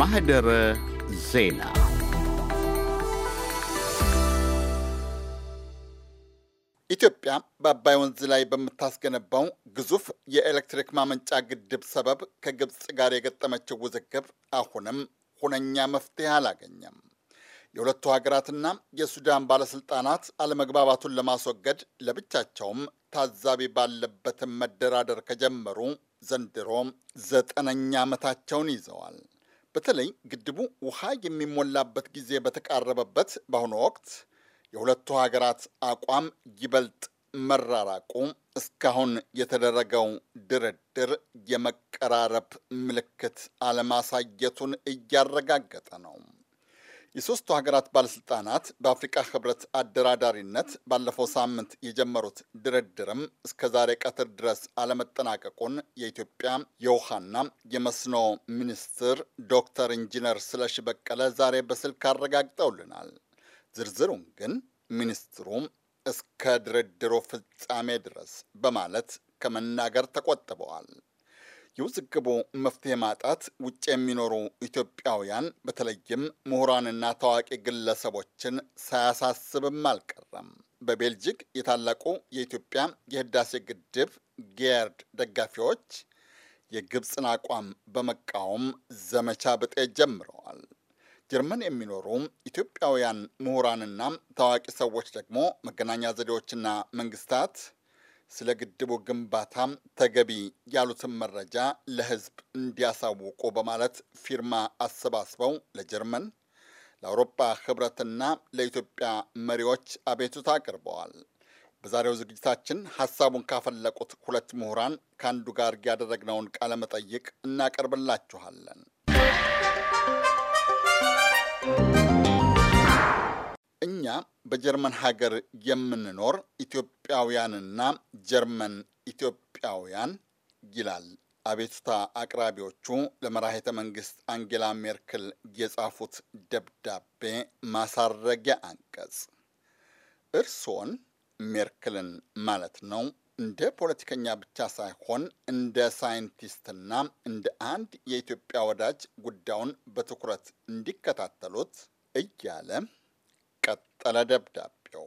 ማህደረ ዜና ኢትዮጵያ በአባይ ወንዝ ላይ በምታስገነባው ግዙፍ የኤሌክትሪክ ማመንጫ ግድብ ሰበብ ከግብፅ ጋር የገጠመችው ውዝግብ አሁንም ሁነኛ መፍትሄ አላገኘም። የሁለቱ ሀገራትና የሱዳን ባለስልጣናት አለመግባባቱን ለማስወገድ ለብቻቸውም ታዛቢ ባለበትም መደራደር ከጀመሩ ዘንድሮ ዘጠነኛ ዓመታቸውን ይዘዋል። በተለይ ግድቡ ውሃ የሚሞላበት ጊዜ በተቃረበበት በአሁኑ ወቅት የሁለቱ ሀገራት አቋም ይበልጥ መራራቁ እስካሁን የተደረገው ድርድር የመቀራረብ ምልክት አለማሳየቱን እያረጋገጠ ነው። የሶስቱ ሀገራት ባለስልጣናት በአፍሪካ ህብረት አደራዳሪነት ባለፈው ሳምንት የጀመሩት ድርድርም እስከ ዛሬ ቀትር ድረስ አለመጠናቀቁን የኢትዮጵያ የውሃና የመስኖ ሚኒስትር ዶክተር ኢንጂነር ስለሺ በቀለ ዛሬ በስልክ አረጋግጠውልናል። ዝርዝሩን ግን ሚኒስትሩም እስከ ድርድሩ ፍጻሜ ድረስ በማለት ከመናገር ተቆጥበዋል። የውዝግቡ መፍትሄ ማጣት ውጭ የሚኖሩ ኢትዮጵያውያን በተለይም ምሁራንና ታዋቂ ግለሰቦችን ሳያሳስብም አልቀረም። በቤልጂክ የታላቁ የኢትዮጵያ የህዳሴ ግድብ ጌርድ ደጋፊዎች የግብፅን አቋም በመቃወም ዘመቻ ብጤ ጀምረዋል። ጀርመን የሚኖሩ ኢትዮጵያውያን ምሁራንና ታዋቂ ሰዎች ደግሞ መገናኛ ዘዴዎችና መንግስታት ስለ ግድቡ ግንባታም ተገቢ ያሉትን መረጃ ለህዝብ እንዲያሳውቁ በማለት ፊርማ አሰባስበው ለጀርመን ለአውሮፓ ህብረትና ለኢትዮጵያ መሪዎች አቤቱታ አቅርበዋል። በዛሬው ዝግጅታችን ሀሳቡን ካፈለቁት ሁለት ምሁራን ከአንዱ ጋር ያደረግነውን ቃለመጠይቅ እናቀርብላችኋለን። እኛ በጀርመን ሀገር የምንኖር ኢትዮጵያውያንና ጀርመን ኢትዮጵያውያን ይላል አቤቱታ አቅራቢዎቹ ለመራሄተ መንግስት አንጌላ ሜርክል የጻፉት ደብዳቤ ማሳረጊያ አንቀጽ። እርሶን ሜርክልን ማለት ነው እንደ ፖለቲከኛ ብቻ ሳይሆን እንደ ሳይንቲስትና እንደ አንድ የኢትዮጵያ ወዳጅ ጉዳዩን በትኩረት እንዲከታተሉት እያለ ቀጠለ ደብዳቤው።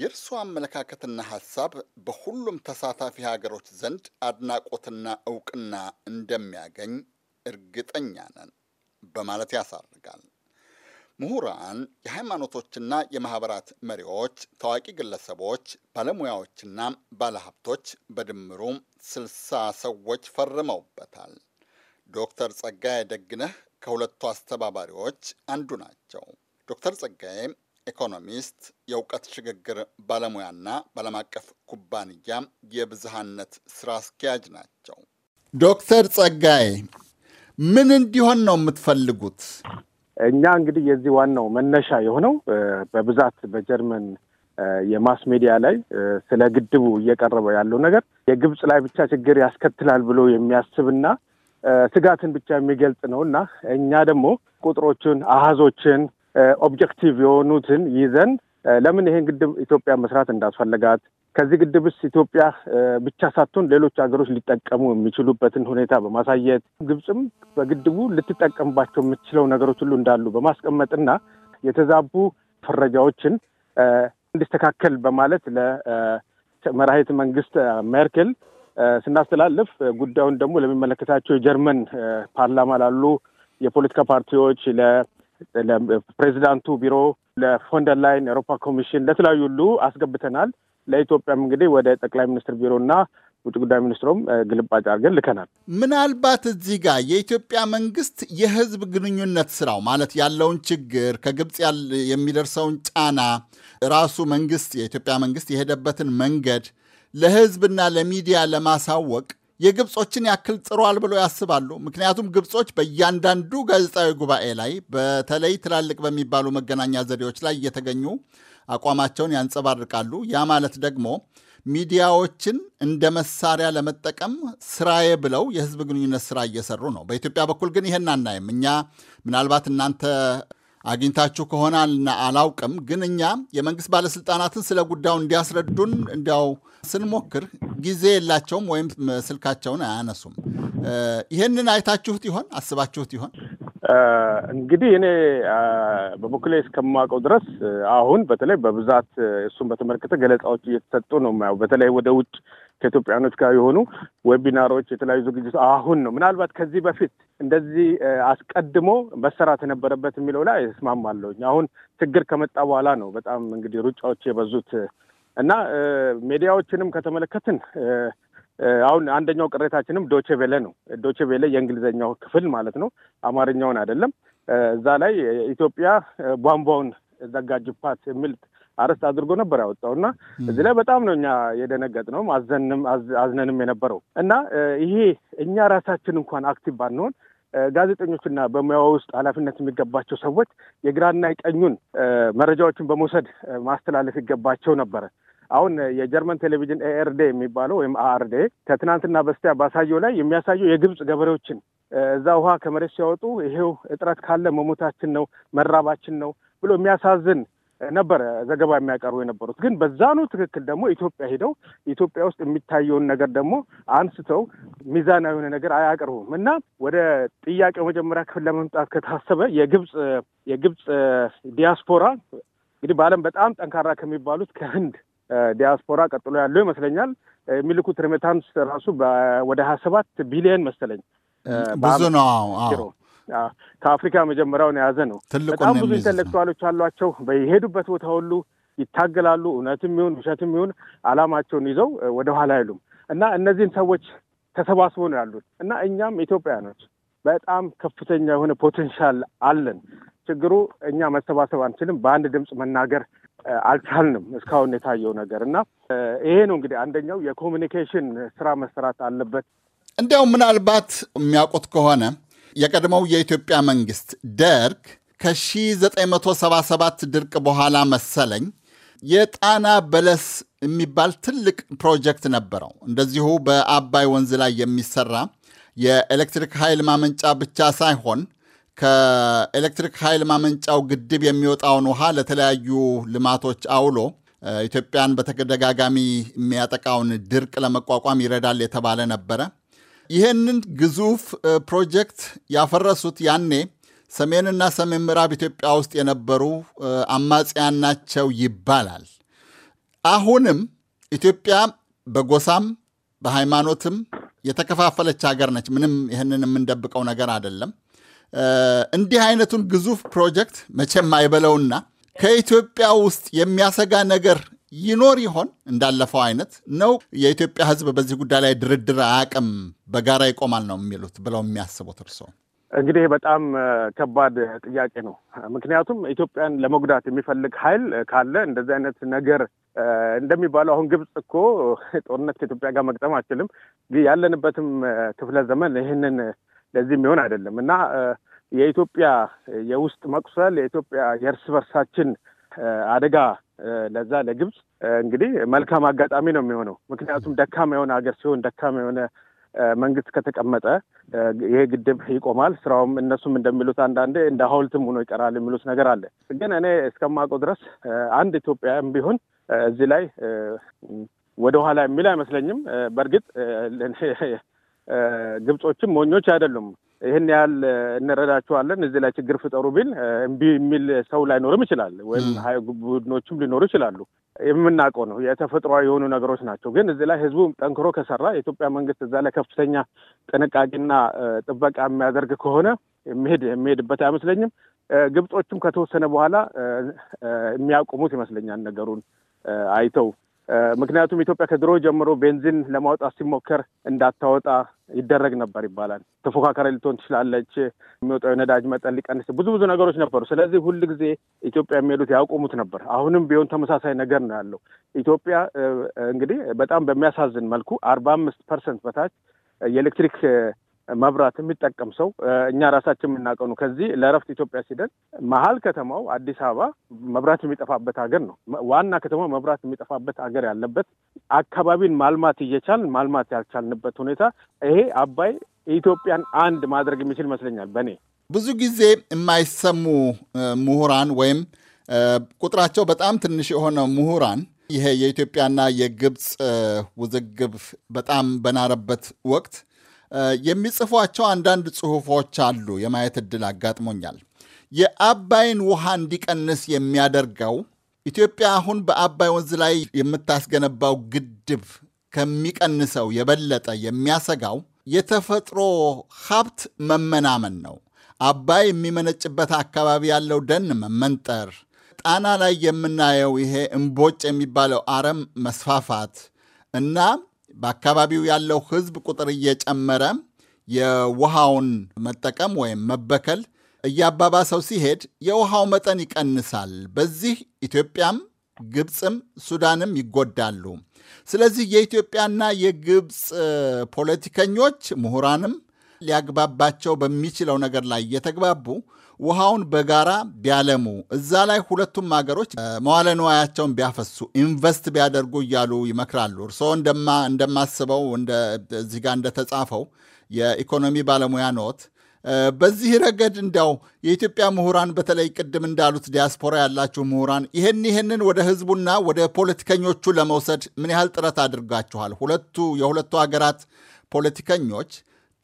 የእርሱ አመለካከትና ሐሳብ በሁሉም ተሳታፊ ሀገሮች ዘንድ አድናቆትና እውቅና እንደሚያገኝ እርግጠኛ ነን በማለት ያሳርጋል። ምሁራን፣ የሃይማኖቶችና የማኅበራት መሪዎች፣ ታዋቂ ግለሰቦች፣ ባለሙያዎችና ባለሀብቶች በድምሩ ስልሳ ሰዎች ፈርመውበታል። ዶክተር ጸጋዬ ደግነህ ከሁለቱ አስተባባሪዎች አንዱ ናቸው። ዶክተር ጸጋዬ ኢኮኖሚስት፣ የእውቀት ሽግግር ባለሙያና በዓለም አቀፍ ኩባንያ የብዝሃነት ስራ አስኪያጅ ናቸው። ዶክተር ጸጋዬ ምን እንዲሆን ነው የምትፈልጉት? እኛ እንግዲህ የዚህ ዋናው መነሻ የሆነው በብዛት በጀርመን የማስ ሜዲያ ላይ ስለ ግድቡ እየቀረበ ያለው ነገር የግብፅ ላይ ብቻ ችግር ያስከትላል ብሎ የሚያስብና ስጋትን ብቻ የሚገልጽ ነው እና እኛ ደግሞ ቁጥሮችን፣ አሃዞችን ኦብጀክቲቭ የሆኑትን ይዘን ለምን ይሄን ግድብ ኢትዮጵያ መስራት እንዳስፈለጋት ከዚህ ግድብስ ኢትዮጵያ ብቻ ሳትሆን ሌሎች ሀገሮች ሊጠቀሙ የሚችሉበትን ሁኔታ በማሳየት ግብፅም በግድቡ ልትጠቀምባቸው የምትችለው ነገሮች ሁሉ እንዳሉ በማስቀመጥና የተዛቡ ፍረጃዎችን እንዲስተካከል በማለት ለመራሄት መንግስት ሜርኬል ስናስተላልፍ ጉዳዩን ደግሞ ለሚመለከታቸው የጀርመን ፓርላማ ላሉ የፖለቲካ ፓርቲዎች ለፕሬዚዳንቱ ቢሮ፣ ለፎንደር ላይን ኤሮፓ ኮሚሽን፣ ለተለያዩ ሁሉ አስገብተናል። ለኢትዮጵያም እንግዲህ ወደ ጠቅላይ ሚኒስትር ቢሮና ውጭ ጉዳይ ሚኒስትሩም ግልባጭ አድርገን ልከናል። ምናልባት እዚህ ጋር የኢትዮጵያ መንግስት የህዝብ ግንኙነት ስራው ማለት ያለውን ችግር ከግብፅ የሚደርሰውን ጫና ራሱ መንግስት የኢትዮጵያ መንግስት የሄደበትን መንገድ ለህዝብና ለሚዲያ ለማሳወቅ የግብጾችን ያክል ጥሯል ብለው ያስባሉ። ምክንያቱም ግብጾች በእያንዳንዱ ጋዜጣዊ ጉባኤ ላይ በተለይ ትላልቅ በሚባሉ መገናኛ ዘዴዎች ላይ እየተገኙ አቋማቸውን ያንጸባርቃሉ። ያ ማለት ደግሞ ሚዲያዎችን እንደ መሳሪያ ለመጠቀም ስራዬ ብለው የህዝብ ግንኙነት ስራ እየሰሩ ነው። በኢትዮጵያ በኩል ግን ይህን አናይም። እኛ ምናልባት እናንተ አግኝታችሁ ከሆነ አላውቅም፣ ግን እኛ የመንግስት ባለስልጣናትን ስለ ጉዳዩ እንዲያስረዱን እንዲያው ስንሞክር ጊዜ የላቸውም ወይም ስልካቸውን አያነሱም። ይህንን አይታችሁት ይሆን? አስባችሁት ይሆን? እንግዲህ እኔ በበኩሌ እስከማውቀው ድረስ አሁን በተለይ በብዛት እሱን በተመለከተ ገለጻዎች እየተሰጡ ነው የማየው። በተለይ ወደ ውጭ ከኢትዮጵያኖች ጋር የሆኑ ዌቢናሮች፣ የተለያዩ ዝግጅት አሁን ነው። ምናልባት ከዚህ በፊት እንደዚህ አስቀድሞ መሰራት የነበረበት የሚለው ላይ እስማማለሁኝ። አሁን ችግር ከመጣ በኋላ ነው በጣም እንግዲህ ሩጫዎች የበዙት እና ሜዲያዎችንም ከተመለከትን አሁን አንደኛው ቅሬታችንም ዶቼ ቬለ ነው። ዶቼ ቬለ የእንግሊዝኛው ክፍል ማለት ነው፣ አማርኛውን አይደለም። እዛ ላይ ኢትዮጵያ ቧንቧውን ዘጋጅባት የሚል አርዕስት አድርጎ ነበር ያወጣው እና እዚህ ላይ በጣም ነው እኛ የደነገጥነው አዝነንም የነበረው እና ይሄ እኛ ራሳችን እንኳን አክቲቭ ባንሆን ጋዜጠኞችና በሙያ ውስጥ ኃላፊነት የሚገባቸው ሰዎች የግራና የቀኙን መረጃዎችን በመውሰድ ማስተላለፍ ይገባቸው ነበረ። አሁን የጀርመን ቴሌቪዥን ኤርዴ የሚባለው ወይም አአርዴ ከትናንትና በስቲያ ባሳየው ላይ የሚያሳየው የግብፅ ገበሬዎችን እዛ ውሃ ከመሬት ሲያወጡ ይሄው እጥረት ካለ መሞታችን ነው መራባችን ነው ብሎ የሚያሳዝን ነበረ ዘገባ የሚያቀርቡ የነበሩት። ግን በዛኑ ትክክል ደግሞ ኢትዮጵያ ሄደው ኢትዮጵያ ውስጥ የሚታየውን ነገር ደግሞ አንስተው ሚዛናዊ የሆነ ነገር አያቀርቡም እና ወደ ጥያቄው መጀመሪያ ክፍል ለመምጣት ከታሰበ የግብፅ የግብፅ ዲያስፖራ እንግዲህ በዓለም በጣም ጠንካራ ከሚባሉት ከህንድ ዲያስፖራ ቀጥሎ ያለው ይመስለኛል። የሚልኩት ሪሜታንስ ራሱ ወደ ሀያ ሰባት ቢሊየን መሰለኝ ብዙ ነው። ከአፍሪካ መጀመሪያውን የያዘ ነው። በጣም ብዙ ኢንተሌክቱዋሎች አሏቸው። በሄዱበት ቦታ ሁሉ ይታገላሉ። እውነትም ይሁን ውሸትም ይሁን አላማቸውን ይዘው ወደኋላ አይሉም እና እነዚህን ሰዎች ተሰባስበው ነው ያሉት እና እኛም ኢትዮጵያውያኖች በጣም ከፍተኛ የሆነ ፖቴንሻል አለን። ችግሩ እኛ መሰባሰብ አንችልም፣ በአንድ ድምፅ መናገር አልቻልንም እስካሁን የታየው ነገር እና ይሄ ነው እንግዲህ አንደኛው የኮሚኒኬሽን ስራ መሰራት አለበት። እንዲያውም ምናልባት የሚያውቁት ከሆነ የቀድሞው የኢትዮጵያ መንግስት ደርግ ከ1977 ድርቅ በኋላ መሰለኝ የጣና በለስ የሚባል ትልቅ ፕሮጀክት ነበረው። እንደዚሁ በአባይ ወንዝ ላይ የሚሰራ የኤሌክትሪክ ኃይል ማመንጫ ብቻ ሳይሆን ከኤሌክትሪክ ኃይል ማመንጫው ግድብ የሚወጣውን ውሃ ለተለያዩ ልማቶች አውሎ ኢትዮጵያን በተደጋጋሚ የሚያጠቃውን ድርቅ ለመቋቋም ይረዳል የተባለ ነበረ። ይህንን ግዙፍ ፕሮጀክት ያፈረሱት ያኔ ሰሜንና ሰሜን ምዕራብ ኢትዮጵያ ውስጥ የነበሩ አማጽያን ናቸው ይባላል። አሁንም ኢትዮጵያ በጎሳም በሃይማኖትም የተከፋፈለች ሀገር ነች። ምንም ይህንን የምንደብቀው ነገር አይደለም። እንዲህ አይነቱን ግዙፍ ፕሮጀክት መቼም አይበለውና ከኢትዮጵያ ውስጥ የሚያሰጋ ነገር ይኖር ይሆን? እንዳለፈው አይነት ነው የኢትዮጵያ ሕዝብ በዚህ ጉዳይ ላይ ድርድር አያውቅም፣ በጋራ ይቆማል ነው የሚሉት ብለው የሚያስቡት እርስዎ? እንግዲህ በጣም ከባድ ጥያቄ ነው። ምክንያቱም ኢትዮጵያን ለመጉዳት የሚፈልግ ኃይል ካለ እንደዚህ አይነት ነገር እንደሚባለው አሁን ግብጽ እኮ ጦርነት ከኢትዮጵያ ጋር መግጠም አችልም ያለንበትም ክፍለ ዘመን ይህንን ለዚህ የሚሆን አይደለም እና የኢትዮጵያ የውስጥ መቁሰል የኢትዮጵያ የእርስ በርሳችን አደጋ ለዛ ለግብፅ እንግዲህ መልካም አጋጣሚ ነው የሚሆነው። ምክንያቱም ደካማ የሆነ ሀገር ሲሆን ደካማ የሆነ መንግስት ከተቀመጠ ይሄ ግድብ ይቆማል። ስራውም እነሱም እንደሚሉት አንዳንዴ እንደ ሀውልትም ሆኖ ይቀራል የሚሉት ነገር አለ። ግን እኔ እስከማውቀው ድረስ አንድ ኢትዮጵያም ቢሆን እዚህ ላይ ወደኋላ የሚል አይመስለኝም። በእርግጥ ግብጾችም ሞኞች አይደሉም። ይህን ያህል እንረዳቸዋለን እዚህ ላይ ችግር ፍጠሩ ቢል እምቢ የሚል ሰው ላይኖርም ይችላል፣ ወይም ቡድኖችም ሊኖሩ ይችላሉ። የምናውቀው ነው። የተፈጥሮ የሆኑ ነገሮች ናቸው። ግን እዚህ ላይ ህዝቡ ጠንክሮ ከሰራ የኢትዮጵያ መንግስት እዛ ላይ ከፍተኛ ጥንቃቄና ጥበቃ የሚያደርግ ከሆነ የሚሄድ የሚሄድበት አይመስለኝም። ግብጾችም ከተወሰነ በኋላ የሚያቆሙት ይመስለኛል ነገሩን አይተው ምክንያቱም ኢትዮጵያ ከድሮ ጀምሮ ቤንዚን ለማውጣት ሲሞከር እንዳታወጣ ይደረግ ነበር ይባላል። ተፎካካሪ ልትሆን ትችላለች፣ የሚወጣው የነዳጅ መጠን ሊቀንስ፣ ብዙ ብዙ ነገሮች ነበሩ። ስለዚህ ሁል ጊዜ ኢትዮጵያ የሚሄዱት ያቆሙት ነበር። አሁንም ቢሆን ተመሳሳይ ነገር ነው ያለው። ኢትዮጵያ እንግዲህ በጣም በሚያሳዝን መልኩ አርባ አምስት ፐርሰንት በታች የኤሌክትሪክ መብራት የሚጠቀም ሰው እኛ ራሳችን የምናውቀው ነው። ከዚህ ለእረፍት ኢትዮጵያ ሲደን መሀል ከተማው አዲስ አበባ መብራት የሚጠፋበት ሀገር ነው። ዋና ከተማ መብራት የሚጠፋበት ሀገር ያለበት አካባቢን ማልማት እየቻል ማልማት ያልቻልንበት ሁኔታ ይሄ አባይ ኢትዮጵያን አንድ ማድረግ የሚችል ይመስለኛል። በእኔ ብዙ ጊዜ የማይሰሙ ምሁራን ወይም ቁጥራቸው በጣም ትንሽ የሆነ ምሁራን ይሄ የኢትዮጵያና የግብፅ ውዝግብ በጣም በናረበት ወቅት የሚጽፏቸው አንዳንድ ጽሑፎች አሉ። የማየት እድል አጋጥሞኛል። የአባይን ውሃ እንዲቀንስ የሚያደርገው ኢትዮጵያ አሁን በአባይ ወንዝ ላይ የምታስገነባው ግድብ ከሚቀንሰው የበለጠ የሚያሰጋው የተፈጥሮ ሀብት መመናመን ነው። አባይ የሚመነጭበት አካባቢ ያለው ደን መመንጠር፣ ጣና ላይ የምናየው ይሄ እምቦጭ የሚባለው አረም መስፋፋት እና በአካባቢው ያለው ህዝብ ቁጥር እየጨመረ የውሃውን መጠቀም ወይም መበከል እያባባሰው ሲሄድ የውሃው መጠን ይቀንሳል። በዚህ ኢትዮጵያም ግብፅም ሱዳንም ይጎዳሉ። ስለዚህ የኢትዮጵያና የግብፅ ፖለቲከኞች ምሁራንም ሊያግባባቸው በሚችለው ነገር ላይ እየተግባቡ ውሃውን በጋራ ቢያለሙ እዛ ላይ ሁለቱም ሀገሮች መዋለ ንዋያቸውን ቢያፈሱ ኢንቨስት ቢያደርጉ እያሉ ይመክራሉ። እርስዎ እንደማስበው እዚህ ጋር እንደተጻፈው የኢኮኖሚ ባለሙያ ኖት። በዚህ ረገድ እንዲያው የኢትዮጵያ ምሁራን በተለይ ቅድም እንዳሉት ዲያስፖራ ያላችሁ ምሁራን ይህን ይህንን ወደ ህዝቡና ወደ ፖለቲከኞቹ ለመውሰድ ምን ያህል ጥረት አድርጋችኋል? ሁለቱ የሁለቱ ሀገራት ፖለቲከኞች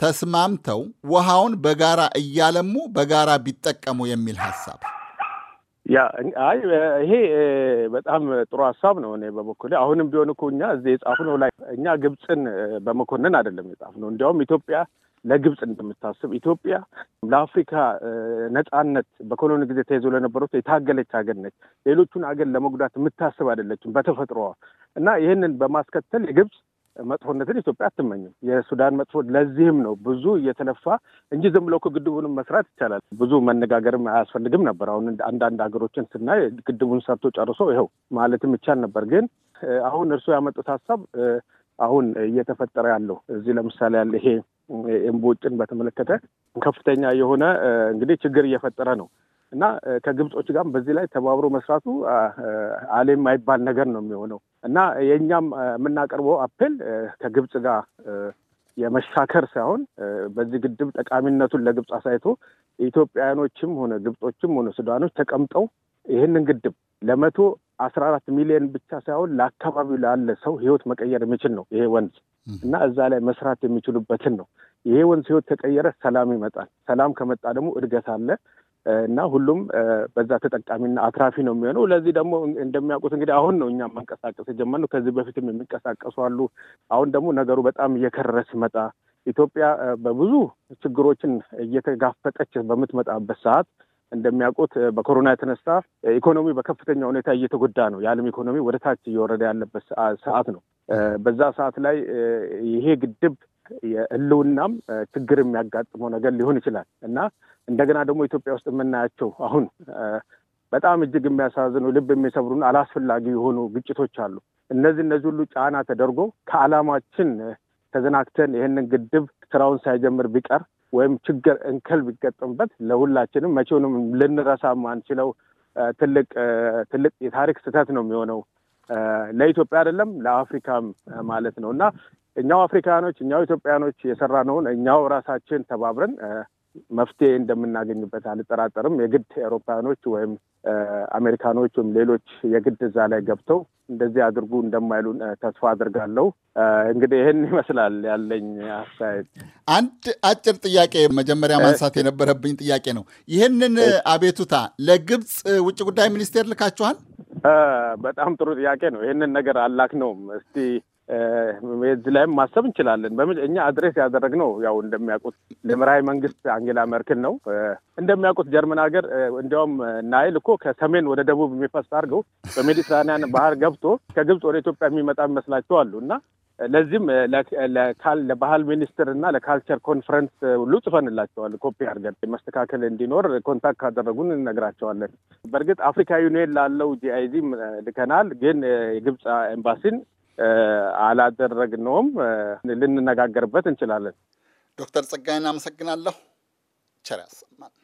ተስማምተው ውሃውን በጋራ እያለሙ በጋራ ቢጠቀሙ የሚል ሀሳብ ያ አይ ይሄ በጣም ጥሩ ሀሳብ ነው። እኔ በበኩሌ አሁንም ቢሆን እኮ እኛ እዚህ የጻፍነው ላይ እኛ ግብፅን በመኮንን አይደለም የጻፍነው። እንዲያውም ኢትዮጵያ ለግብፅ እንደምታስብ ኢትዮጵያ ለአፍሪካ ነፃነት በኮሎኒ ጊዜ ተይዞ ለነበሩት የታገለች ሀገር ነች። ሌሎቹን ሀገር ለመጉዳት የምታስብ አይደለችም በተፈጥሮዋ እና ይህንን በማስከተል የግብፅ መጥፎነትን ኢትዮጵያ አትመኝም። የሱዳን መጥፎ ለዚህም ነው ብዙ እየተለፋ እንጂ ዝም ብለው ግድቡንም መስራት ይቻላል። ብዙ መነጋገርም አያስፈልግም ነበር። አሁን አንዳንድ ሀገሮችን ስናይ ግድቡን ሰርቶ ጨርሶ ይኸው ማለትም ይቻል ነበር። ግን አሁን እርሱ ያመጡት ሀሳብ አሁን እየተፈጠረ ያለው እዚህ ለምሳሌ ያለ ይሄ እምቦጭን በተመለከተ ከፍተኛ የሆነ እንግዲህ ችግር እየፈጠረ ነው። እና ከግብጾች ጋር በዚህ ላይ ተባብሮ መስራቱ አሌ የማይባል ነገር ነው የሚሆነው እና የእኛም የምናቀርበው አፔል ከግብጽ ጋር የመሻከር ሳይሆን በዚህ ግድብ ጠቃሚነቱን ለግብጽ አሳይቶ ኢትዮጵያውያኖችም ሆነ ግብጾችም ሆነ ሱዳኖች ተቀምጠው ይህንን ግድብ ለመቶ አስራ አራት ሚሊዮን ብቻ ሳይሆን ለአካባቢው ላለ ሰው ህይወት መቀየር የሚችል ነው ይሄ ወንዝ እና እዛ ላይ መስራት የሚችሉበትን ነው። ይሄ ወንዝ ህይወት ከቀየረ ሰላም ይመጣል። ሰላም ከመጣ ደግሞ እድገት አለ። እና ሁሉም በዛ ተጠቃሚና አትራፊ ነው የሚሆነው። ለዚህ ደግሞ እንደሚያውቁት እንግዲህ አሁን ነው እኛ መንቀሳቀስ የጀመርነው። ከዚህ በፊትም የሚንቀሳቀሱ አሉ። አሁን ደግሞ ነገሩ በጣም እየከረረ ሲመጣ ኢትዮጵያ በብዙ ችግሮችን እየተጋፈጠች በምትመጣበት ሰዓት እንደሚያውቁት በኮሮና የተነሳ ኢኮኖሚ በከፍተኛ ሁኔታ እየተጎዳ ነው። የዓለም ኢኮኖሚ ወደ ታች እየወረደ ያለበት ሰዓት ነው። በዛ ሰዓት ላይ ይሄ ግድብ የህልውናም ችግር የሚያጋጥመው ነገር ሊሆን ይችላል እና እንደገና ደግሞ ኢትዮጵያ ውስጥ የምናያቸው አሁን በጣም እጅግ የሚያሳዝኑ ልብ የሚሰብሩን አላስፈላጊ የሆኑ ግጭቶች አሉ። እነዚህ እነዚህ ሁሉ ጫና ተደርጎ ከዓላማችን ተዘናግተን ይህንን ግድብ ስራውን ሳይጀምር ቢቀር ወይም ችግር እንከል ቢገጥምበት ለሁላችንም መቼውንም ልንረሳ ማንችለው ትልቅ ትልቅ የታሪክ ስህተት ነው የሚሆነው ለኢትዮጵያ አይደለም ለአፍሪካም ማለት ነው እና እኛው አፍሪካኖች እኛው ኢትዮጵያኖች የሰራነውን እኛው ራሳችን ተባብረን መፍትሄ እንደምናገኝበት አልጠራጠርም። የግድ አውሮፓውያኖች ወይም አሜሪካኖች ወይም ሌሎች የግድ እዛ ላይ ገብተው እንደዚህ አድርጉ እንደማይሉን ተስፋ አድርጋለሁ። እንግዲህ ይህን ይመስላል ያለኝ አስተያየት። አንድ አጭር ጥያቄ መጀመሪያ ማንሳት የነበረብኝ ጥያቄ ነው። ይህንን አቤቱታ ለግብፅ ውጭ ጉዳይ ሚኒስቴር ልካችኋል? በጣም ጥሩ ጥያቄ ነው። ይህንን ነገር አላክ ነውም። እስቲ እዚህ ላይም ማሰብ እንችላለን። እኛ አድሬስ ያደረግነው ያው እንደሚያውቁት ለመራሄ መንግስት አንጌላ መርክል ነው። እንደሚያውቁት ጀርመን ሀገር እንዲያውም ናይል እኮ ከሰሜን ወደ ደቡብ የሚፈስ አድርገው በሜዲትራኒያን ባህር ገብቶ ከግብፅ ወደ ኢትዮጵያ የሚመጣ ይመስላቸው አሉ እና ለዚህም ለባህል ሚኒስትር እና ለካልቸር ኮንፈረንስ ሁሉ ጽፈንላቸዋል። ኮፒ አድርገን መስተካከል እንዲኖር ኮንታክት ካደረጉን እነግራቸዋለን። በእርግጥ አፍሪካ ዩኒየን ላለው ጂአይዚ ልከናል፣ ግን የግብፅ ኤምባሲን አላደረግነውም። ልንነጋገርበት እንችላለን። ዶክተር ጸጋይን አመሰግናለሁ። ቸር ያሰማል።